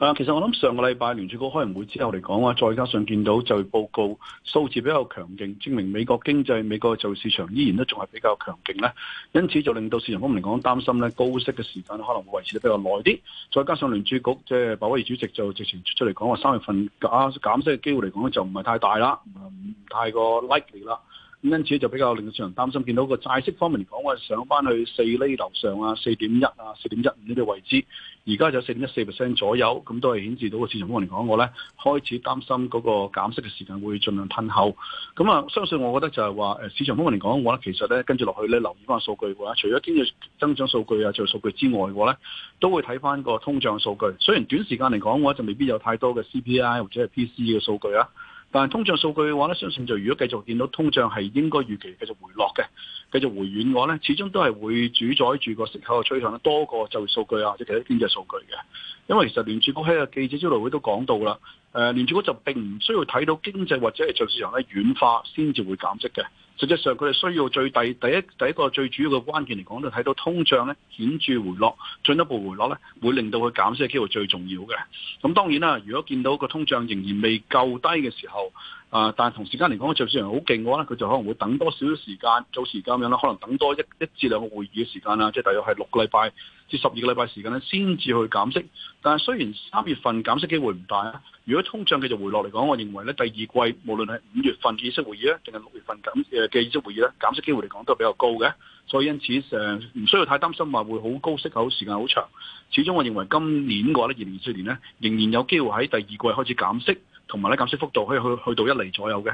啊，其實我諗上個禮拜聯儲局開完會之後嚟講話，再加上見到就報告數字比較強勁，證明美國經濟、美國就市場依然都仲係比較強勁咧。因此就令到市場方面嚟講擔心咧，高息嘅時間可能會維持得比較耐啲。再加上聯儲局即係伯威爾主席就直情出嚟講話，三月份減息嘅機會嚟講就唔係太大啦，唔太過 like 嚟啦。咁因此就比較令到市場擔心，見到個債息方面嚟講，我上翻去四厘樓上啊，四點一啊，四點一五呢啲位置。而家有四點一四 percent 左右，咁都係顯示到個市場方面嚟講，我咧開始擔心嗰個減息嘅時間會盡量吞口。咁啊，相信我覺得就係話，誒市場方面嚟講，我咧其實咧跟住落去咧，留意翻數據嘅話，除咗經濟增長數據啊、做數據之外嘅話咧，都會睇翻個通脹數據。雖然短時間嚟講，我咧就未必有太多嘅 CPI 或者係 PCE 嘅數據啊。但係通脹數據嘅話咧，相信就如果繼續見到通脹係應該預期繼續回落嘅，繼續回軟嘅話咧，始終都係會主宰住個息口嘅趨向多過就業數據啊，或者其他經濟數據嘅。因為其實聯儲局喺個記者招待會都講到啦，誒聯儲局就並唔需要睇到經濟或者係就市場軟化先至會減息嘅。實際上，佢哋需要最低第一第一個最主要嘅關鍵嚟講，都睇到通脹咧顯著回落，進一步回落咧會令到佢減息嘅機會最重要嘅。咁當然啦，如果見到個通脹仍然未夠低嘅時候。啊！但係同時間嚟講，就算係好勁嘅話咧，佢就可能會等多少少時間，做時間咁樣啦，可能等多一、一至兩個會議嘅時間啦，即係大約係六個禮拜至十二個禮拜時間咧，先至去減息。但係雖然三月份減息機會唔大啊，如果通脹繼續回落嚟講，我認為咧第二季無論係五月份嘅議息會議咧，定係六月份嘅議息會議咧，減息機會嚟講都係比較高嘅。所以因此誒，唔需要太擔心話會好高息口時間好長。始終我認為今年嘅話咧，二零二四年咧，仍然有機會喺第二季開始減息。同埋呢，減息幅度可以去去到一厘左右嘅。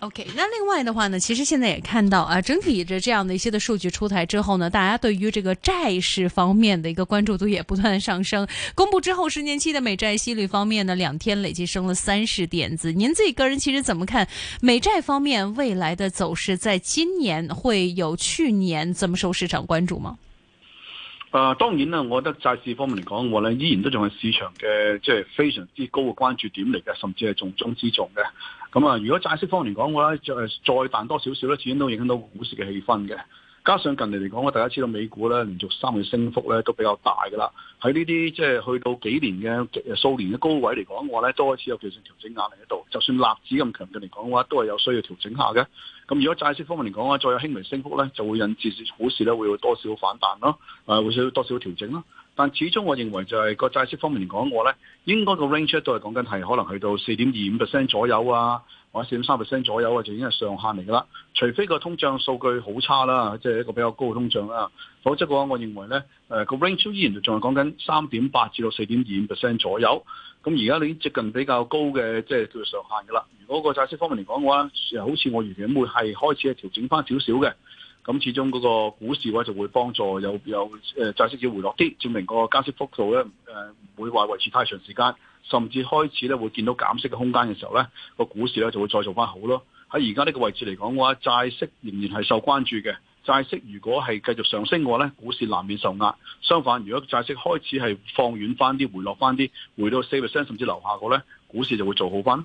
OK，那另外的話呢，其實現在也看到啊，整體着這樣的一些的數據出台之後呢，大家對於這個債市方面的一個關注度也不斷上升。公布之後，十年期的美債息率方面呢，兩天累計升了三十點子。您自己個人其實怎麼看美債方面未來的走勢？在今年會有去年這麼受市場關注嗎？誒、呃，當然啦，我覺得債市方面嚟講嘅話咧，依然都仲係市場嘅即係非常之高嘅關注點嚟嘅，甚至係重中之重嘅。咁、嗯、啊，如果債市方面嚟講嘅話咧，就係再彈多少少咧，始終都影響到股市嘅氣氛嘅。加上近年嚟講，我大家知道美股咧，連續三個升幅咧都比較大噶啦。喺呢啲即係去到幾年嘅、數年嘅高位嚟講嘅話咧，都開始有技術調整壓力喺度。就算納指咁強勁嚟講嘅話，都係有需要調整下嘅。咁如果債息方面嚟講啊，再有輕微升幅咧，就會引致股市咧會有多少反彈咯，啊會少多少調整咯。但始終我認為就係、是、個債息方面嚟講，我咧應該個 range 都係講緊係可能去到四點二五 percent 左右啊，或者四點三 percent 左右啊，就已經係上限嚟噶啦。除非個通脹數據好差啦，即、就、係、是、一個比較高嘅通脹啦。否則嘅話我認為咧，個、啊、range 依然仲係講緊三點八至到四點二五 percent 左右。咁而家已經接近比較高嘅，即、就、係、是、叫做上限㗎啦。如果個債息方面嚟講嘅話，好似我原本會係開始係調整翻少少嘅。咁始終嗰個股市嘅、啊、話就會幫助有有、呃、債息要回落啲，證明個加息幅度咧唔、呃、會話維持太長時間，甚至開始咧會見到減息嘅空間嘅時候咧，個股市咧就會再做翻好咯。喺而家呢個位置嚟講嘅話，債息仍然係受關注嘅。債息如果係繼續上升嘅話咧，股市難免受壓；相反，如果債息開始係放軟翻啲、回落翻啲，回到四 percent 甚至樓下個咧，股市就會做好翻。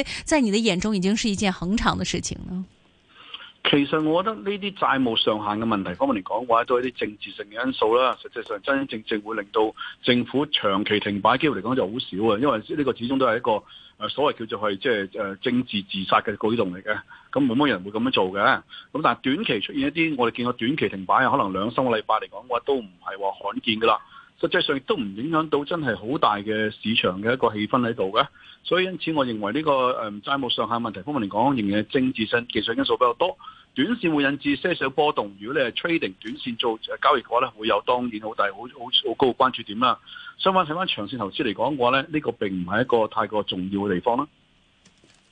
在你的眼中，已經是一件恆常的事情呢。其實我覺得呢啲債務上限嘅問題方面嚟講嘅話，都係啲政治性嘅因素啦。實際上，真真正正會令到政府長期停擺機會嚟講就好少啊。因為呢個始終都係一個誒所謂叫做係即係誒政治自殺嘅舉動嚟嘅。咁冇乜人會咁樣做嘅。咁但係短期出現一啲我哋見過短期停擺啊，可能兩三個禮拜嚟講話都唔係話罕見噶啦。實際上亦都唔影響到真係好大嘅市場嘅一個氣氛喺度嘅，所以因此我認為呢、呢個誒、嗯、債務上限問題方面嚟講，仍然係政治性技術因素比較多，短線會引致些少波動。如果你係 trading 短線做交易嘅話咧，會有當然好大好好好高嘅關注點啦。相反睇翻長線投資嚟講嘅話咧，呢、呢個並唔係一個太過重要嘅地方啦。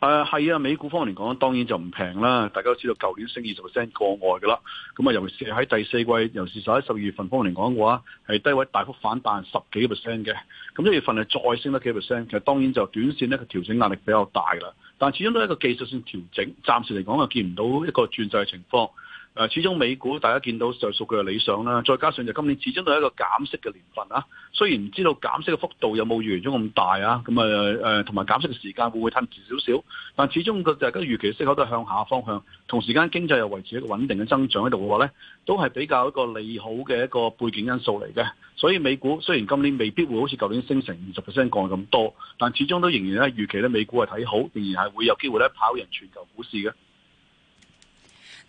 誒、啊、係啊，美股方面嚟講，當然就唔平啦。大家都知道舊年升二十個 percent 過外嘅啦，咁啊，尤其是喺第四季，尤其是十一、十二月份方面嚟講嘅話，係低位大幅反彈十幾 percent 嘅。咁一月份係再升得幾 percent，其實當然就短線咧，佢調整壓力比較大啦。但係始終都係一個技術性調整，暫時嚟講又見唔到一個轉勢嘅情況。誒，始終美股大家見到就數據又理想啦，再加上就今年始終都係一個減息嘅年份啊。雖然唔知道減息嘅幅度有冇預期中咁大啊，咁啊誒，同埋減息嘅時間會唔會褪遲少少？但始終個就係個預期嘅息口都係向下方向，同時間經濟又維持一個穩定嘅增長喺度嘅話咧，都係比較一個利好嘅一個背景因素嚟嘅。所以美股雖然今年未必會好似舊年升成二十 percent 降咁多，但始終都仍然喺預期咧，美股係睇好，仍然係會有機會咧跑贏全球股市嘅。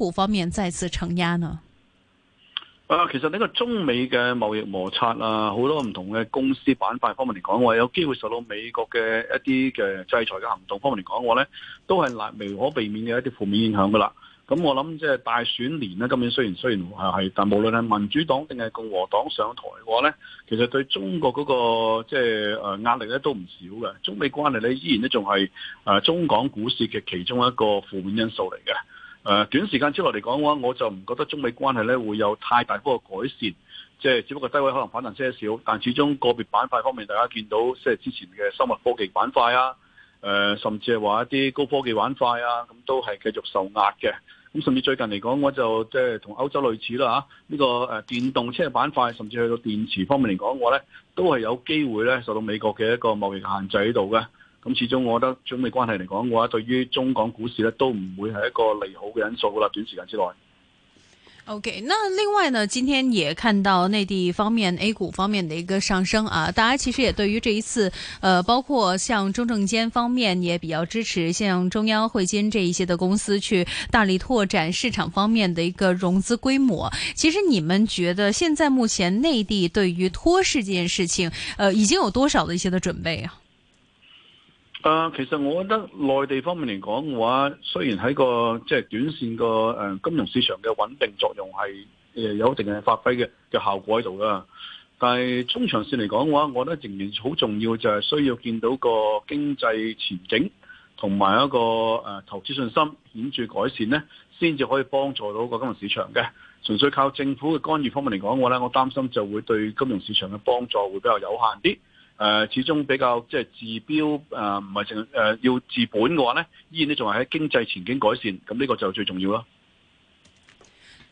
股方面再次承壓呢？啊，其實呢個中美嘅貿易摩擦啊，好多唔同嘅公司板塊方面嚟講，話有機會受到美國嘅一啲嘅制裁嘅行動方面嚟講，話咧都係難無可避免嘅一啲負面影響噶啦。咁我諗即係大選年呢，今年雖然雖然係係，但無論係民主黨定係共和黨上台嘅話咧，其實對中國嗰個即係誒壓力咧都唔少嘅。中美關係咧依然咧仲係誒中港股市嘅其中一個負面因素嚟嘅。誒，短時間之內嚟講嘅話，我就唔覺得中美關係咧會有太大嗰個改善，即係只不過低位可能反彈些少，但始終個別板塊方面，大家見到即係之前嘅生物科技板塊啊，誒，甚至係話一啲高科技板塊啊，咁都係繼續受壓嘅。咁甚至最近嚟講，我就即係同歐洲類似啦吓，呢個誒電動車板塊，甚至去到電池方面嚟講嘅話咧，都係有機會咧受到美國嘅一個貿易限制喺度嘅。咁始終，我覺得中美關係嚟講嘅話，對於中港股市呢都唔會係一個利好嘅因素啦。短時間之內，OK。那另外呢，今天也看到內地方面 A 股方面的一個上升啊！大家其實也對於這一次，呃，包括像中證監方面也比較支持，像中央匯金這一些的公司去大力拓展市場方面的一個融資規模。其實你們覺得現在目前內地對於托市這件事情，呃，已經有多少的一些的準備啊？誒、呃，其實我覺得內地方面嚟講嘅話，雖然喺個即係、就是、短線個誒金融市場嘅穩定作用係誒有一定嘅發揮嘅嘅效果喺度啦，但係中長線嚟講嘅話，我覺得仍然好重要就係需要見到個經濟前景同埋一個誒、呃、投資信心顯著改善咧，先至可以幫助到個金融市場嘅。純粹靠政府嘅干預方面嚟講嘅話，我咧我擔心就會對金融市場嘅幫助會比較有限啲。呃始終比較即係治標唔係，呃呃，要治本嘅話呢，依然咧，仲係喺經濟前景改善，咁呢個就最重要啦。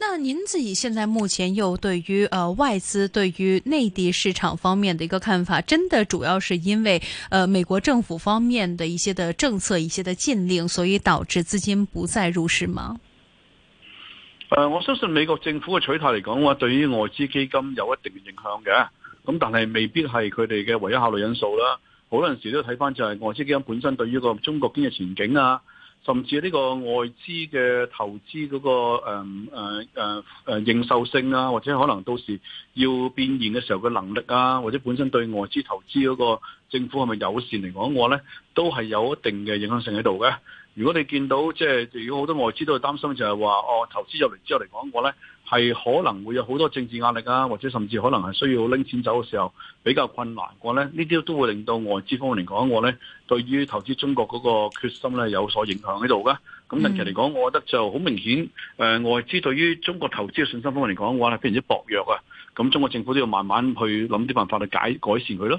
那您自己現在目前又對於外資對於內地市場方面的一個看法，真的主要是因為、呃、美國政府方面的一些的政策，一些的禁令，所以導致資金不再入市嗎？呃，我相信美國政府嘅取態嚟講，嘅話對於外資基金有一定嘅影響嘅。咁但係未必係佢哋嘅唯一考慮因素啦。好多陣時都睇翻就係外資基金本身對於個中國經濟前景啊，甚至呢個外資嘅投資嗰、那個誒誒、嗯啊啊、認受性啊，或者可能到時要變現嘅時候嘅能力啊，或者本身對外資投資嗰個政府係咪友善嚟講，嘅話咧都係有一定嘅影響性喺度嘅。如果你見到即係、就是、如果好多外資都係擔心就係話，哦投資入嚟之後嚟講嘅話咧。係可能會有好多政治壓力啊，或者甚至可能係需要拎錢走嘅時候比較困難過呢，咧，呢啲都會令到外資方面嚟講，我咧對於投資中國嗰個決心咧有所影響喺度嘅。咁近期嚟講，我覺得就好明顯，呃，外資對於中國投資嘅信心方面嚟講嘅話係非常之薄弱啊。咁中國政府都要慢慢去諗啲辦法去解改善佢咯。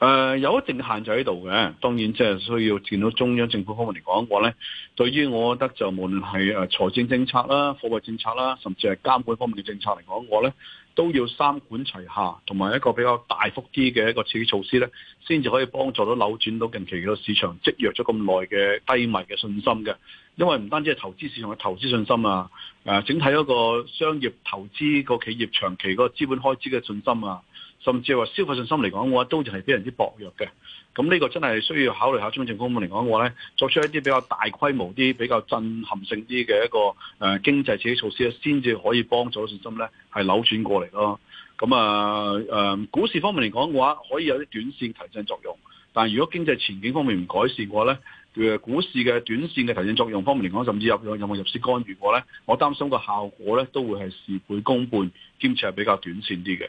誒、呃，有一定限制喺度嘅。當然即係需要見到中央政府方面嚟講，嘅話咧，對於我覺得就無論係誒財政政策啦、貨幣政策啦，甚至係監管方面嘅政策嚟講，嘅話咧都要三管齊下，同埋一個比較大幅啲嘅一個刺激措施咧，先至可以幫助到扭轉到近期個市場積弱咗咁耐嘅低迷嘅信心嘅。因為唔單止係投資市場嘅投資信心啊，誒、呃，整體一個商業投資個企業長期個資本開支嘅信心啊。甚至係話消費信心嚟講嘅話，都係非常之薄弱嘅。咁呢個真係需要考慮下中央政府方面嚟講嘅話咧，作出一啲比較大規模啲、比較震撼性啲嘅一個誒經濟刺激措施，先至可以幫助信心咧係扭轉過嚟咯。咁啊誒，股市方面嚟講嘅話，可以有啲短線提振作用。但係如果經濟前景方面唔改善嘅話咧，誒股市嘅短線嘅提振作用方面嚟講，甚至有有冇入市干預嘅話咧，我擔心個效果咧都會係事倍功半，兼且係比較短線啲嘅。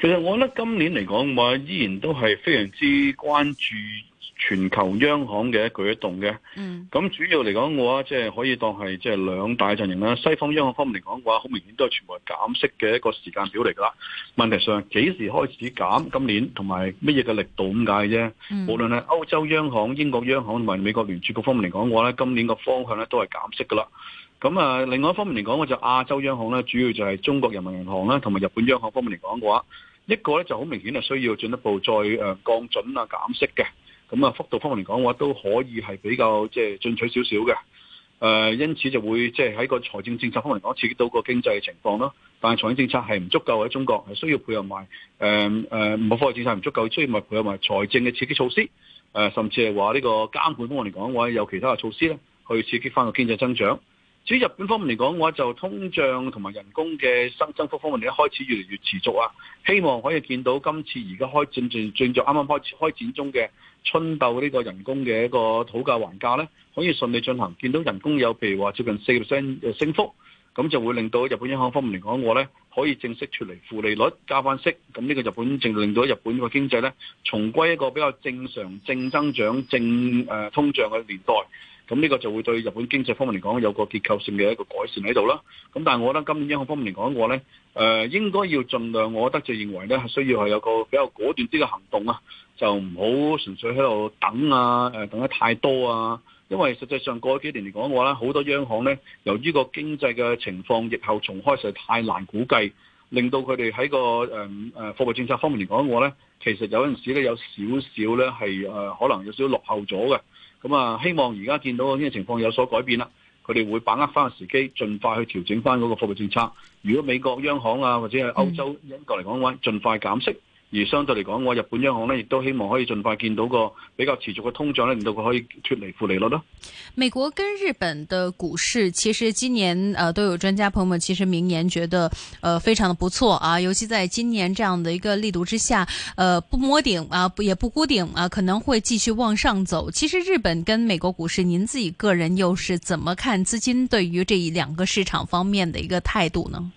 其實我覺得今年嚟講嘅話，依然都係非常之關注全球央行嘅一舉一動嘅。嗯。咁主要嚟講嘅話，即係可以當係即係兩大陣營啦。西方央行方面嚟講嘅話，好明顯都係全部係減息嘅一個時間表嚟噶啦。問題上幾時開始減？今年同埋乜嘢嘅力度咁解啫。無論係歐洲央行、英國央行同埋美國聯儲局方面嚟講嘅話咧，今年個方向咧都係減息噶啦。咁啊，另外一方面嚟講，我就亞洲央行咧，主要就係中國人民銀行啦，同埋日本央行方面嚟講嘅話。一個咧，就好明顯係需要進一步再誒，降準啊減息嘅。咁啊，幅度方面嚟講嘅話都可以係比較即係、就是、進取少少嘅。誒、呃、因此就會即係喺個財政政策方面嚟講刺激到個經濟嘅情況咯。但係財政政策係唔足夠，喺中國係需要配合埋誒誒，唔係貨幣政策唔足夠，需要咪配合埋財政嘅刺激措施，誒、呃、甚至係話呢個監管方面嚟講嘅話有其他嘅措施咧，去刺激翻個經濟增長。至於日本方面嚟講嘅話，就通脹同埋人工嘅新增幅方面，咧開始越嚟越持續啊！希望可以見到今次而家開進進進作啱啱開始開展中嘅春鬥呢個人工嘅一個討價還價咧，可以順利進行。見到人工有譬如話接近四 percent 嘅升幅。咁就會令到日本央行方面嚟講，我咧可以正式脫離負利率加翻息，咁呢個日本正令到日本個經濟咧重歸一個比較正常、正增長、正、呃、通脹嘅年代。咁呢個就會對日本經濟方面嚟講有個結構性嘅一個改善喺度啦。咁但係我覺得今年央行方面嚟講，我咧誒應該要盡量，我覺得就認為咧係需要係有個比較果斷啲嘅行動啊，就唔好純粹喺度等啊，等得太多啊。因為實際上過幾年嚟講嘅話咧，好多央行咧由於個經濟嘅情況疫後重開實在太難估計，令到佢哋喺個誒誒貨幣政策方面嚟講嘅話咧，其實有陣時咧有少少咧係誒可能有少少落後咗嘅。咁、嗯、啊，希望而家見到呢個情況有所改變啦，佢哋會把握翻個時機，盡快去調整翻嗰個貨幣政策。如果美國央行啊或者係歐洲、嗯、英國嚟講嘅話，盡快減息。而相對嚟講，我日本央行呢亦都希望可以盡快見到個比較持續嘅通脹呢，令到佢可以脫離負利率咯。美國跟日本的股市其實今年，呃都有專家朋友們其實明年覺得，呃非常的不錯啊，尤其在今年這樣的一個力度之下，呃不摸頂啊，也不估頂啊，可能會繼續往上走。其實日本跟美國股市，您自己個人又是怎麼看資金對於這一兩個市場方面嘅一個態度呢？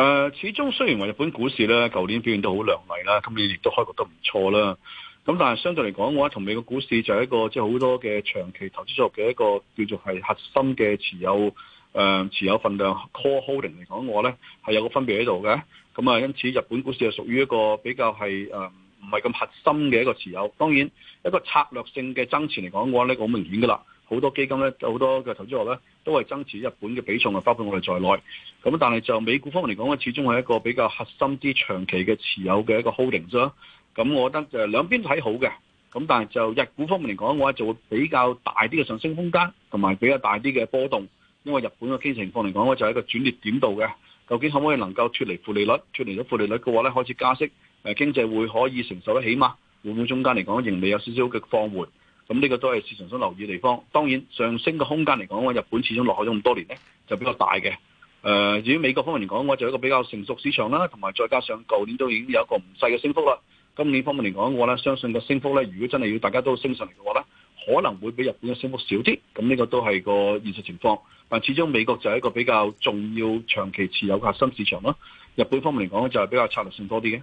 誒、呃，始終雖然話日本股市咧，舊年表現都好亮眼啦，今年亦都開局都唔錯啦。咁但係相對嚟講嘅話，同美國股市就係一個即係好多嘅長期投資作嘅一個叫做係核心嘅持有，呃、持有份量 core holding 嚟講嘅話咧，係有個分別喺度嘅。咁啊，因此日本股市就屬於一個比較係唔係咁核心嘅一個持有。當然一個策略性嘅增持嚟講嘅話咧，好、呢個、明顯噶啦。好多基金咧，好多嘅投資者咧，都係增持日本嘅比重啊，包括我哋在內。咁但係就美股方面嚟講咧，始終係一個比較核心啲、長期嘅持有嘅一個 holding 啫。咁我覺得就兩邊睇好嘅。咁但係就日股方面嚟講，我話就會比較大啲嘅上升空間，同埋比較大啲嘅波動。因為日本嘅經濟情況嚟講咧，就係一個轉捩點度嘅。究竟可唔可以能夠脱離負利率？脱離咗負利率嘅話咧，開始加息，誒經濟會可以承受得起嘛？會唔會中間嚟講仍未有少少嘅放緩？咁呢個都係市場所留意嘅地方。當然上升嘅空間嚟講，我日本始終落後咗咁多年呢，就比較大嘅。誒、呃，至於美國方面嚟講，我就一個比較成熟市場啦，同埋再加上舊年都已經有一個唔細嘅升幅啦。今年方面嚟講我話相信個升幅咧，如果真係要大家都升上嚟嘅話呢，可能會比日本嘅升幅少啲。咁呢個都係個現實情況。但始終美國就係一個比較重要長期持有嘅核心市場咯。日本方面嚟講就係比較策略性多啲嘅。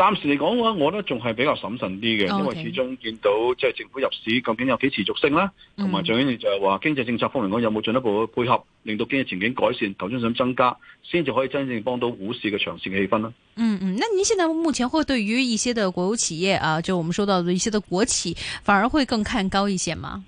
暫時嚟講嘅話，我都仲係比較審慎啲嘅，因為始終見到即係政府入市，究竟有幾持續性啦，同、okay. 埋最緊要就係話經濟政策方面嚟講有冇進一步嘅配合，令到經濟前景改善，投資想增加，先至可以真正幫到股市嘅長線氣氛啦。嗯嗯，那您現在目前會對於一些的國有企業啊，就我們說到的一些的國企，反而會更看高一些嗎？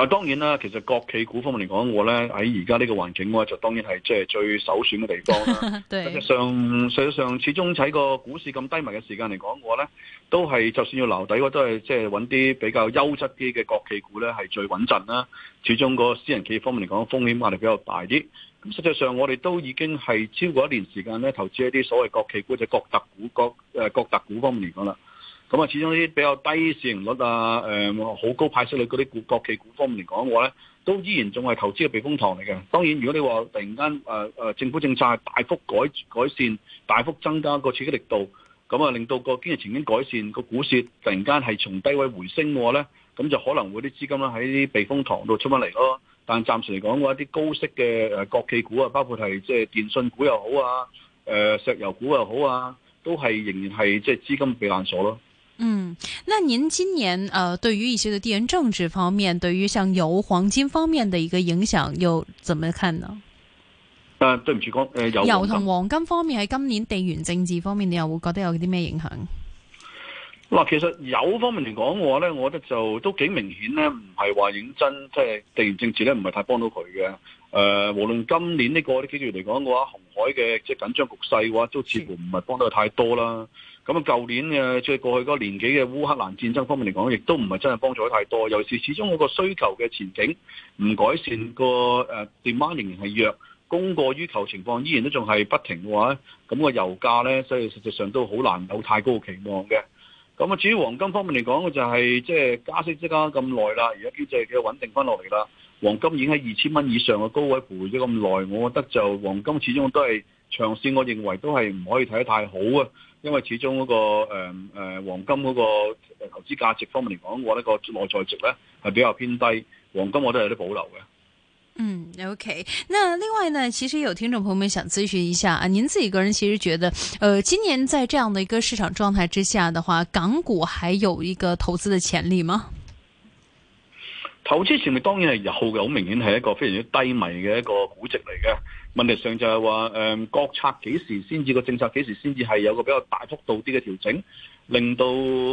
嗱，當然啦，其實國企股方面嚟講，我咧喺而家呢個環境嘅話，就當然係即係最首選嘅地方啦。 實際上，實際上，始終喺個股市咁低迷嘅時間嚟講，我咧都係就算要留底，我都係即係揾啲比較優質啲嘅國企股咧，係最穩陣啦。始終個私人企業方面嚟講，風險壓力比較大啲。咁實際上，我哋都已經係超過一年時間咧，投資一啲所謂國企股，就係國特股、國誒國特股方面嚟講啦。咁啊，始終啲比較低市盈率啊，誒、嗯、好高派息率嗰啲國企股方面嚟講嘅話咧，都依然仲係投資嘅避風塘嚟嘅。當然，如果你話突然間、呃、政府政策係大幅改改善、大幅增加個刺激力度，咁啊令到個經濟前景改善，個股市突然間係從低位回升嘅話咧，咁就可能會啲資金咧喺避風塘度出翻嚟咯。但暫時嚟講嘅話，一啲高息嘅誒國企股啊，包括係即係電信股又好啊、呃，石油股又好啊，都係仍然係即係資金避難所咯。嗯，那您今年，呃，對於一些的地緣政治方面，對於像油黃金方面的一個影響，又怎麼看呢？誒、呃，對唔住，講、呃、誒，油同黃，黃金方面喺今年地緣政治方面，你又會覺得有啲咩影響？嗱、呃，其實油方面嚟講嘅話呢，我覺得就都幾明顯呢，唔係話認真，即係地緣政治呢，唔係太幫到佢嘅。誒、呃，無論今年呢個呢幾個月嚟講嘅話，紅海嘅即係緊張局勢嘅話，都似乎唔係幫到佢太多啦。咁啊，舊年嘅即過去個個年紀嘅烏克蘭戰爭方面嚟講，亦都唔係真係幫助太多。尤其是始終嗰個需求嘅前景唔改善，個誒點、呃、仍然係弱，供過需求情況依然都仲係不停嘅話，咁、那個油價咧，所以實際上都好難有太高嘅期望嘅。咁啊，至於黃金方面嚟講，就係即係加息之間咁耐啦，而家經濟嘅穩定翻落嚟啦，黃金已經喺二千蚊以上嘅高位徘徊咗咁耐，我覺得就黃金始終都係長線，我認為都係唔可以睇得太好啊。因為始終嗰、那個誒誒、呃呃、黃金嗰個投資價值方面嚟講，我咧個內在值咧係比較偏低，黃金我都有啲保留嘅。嗯，OK，那另外呢，其實有聽眾朋友們想諮詢一下啊，您自己個人其實覺得，呃，今年在這樣的一個市場狀態之下的話，港股還有一個投資的潛力嗎？投資潛力當然係有嘅，好明顯係一個非常之低迷嘅一個估值嚟嘅。問題上就係話，誒、嗯、國策幾時先至個政策幾時先至係有個比較大幅度啲嘅調整，令到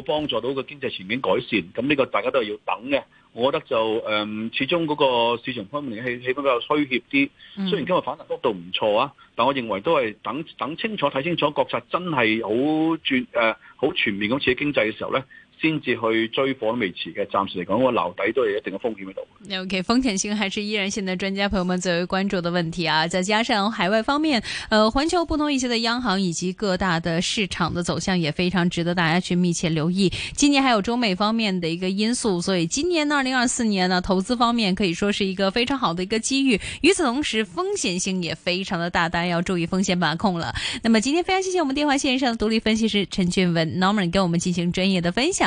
幫助到個經濟前景改善。咁呢個大家都係要等嘅。我覺得就誒、嗯，始終嗰個市場方面氣氣氛比較虛怯啲。雖然今日反彈幅度唔錯啊，但我認為都係等等清楚睇清楚國策真係好全誒好全面咁刺激經濟嘅時候咧，先至去追房未遲嘅。暫時嚟講，個樓底都有一定嘅風險喺度。OK，風險性還是依然現在專家朋友們最為關注的問題啊！再加上海外方面，呃，環球不同一些嘅央行以及各大的市場的走向也非常值得大家去密切留意。今年還有中美方面的一個因素，所以今年二零二四年呢、啊，投資方面可以說是一個非常好的一個機遇。與此同時，風險性也非常的大，大家要注意風險把控了。那麼今天非常謝謝我們電話綫上獨立分析師陳俊文 Norman 跟我們進行專業的分享。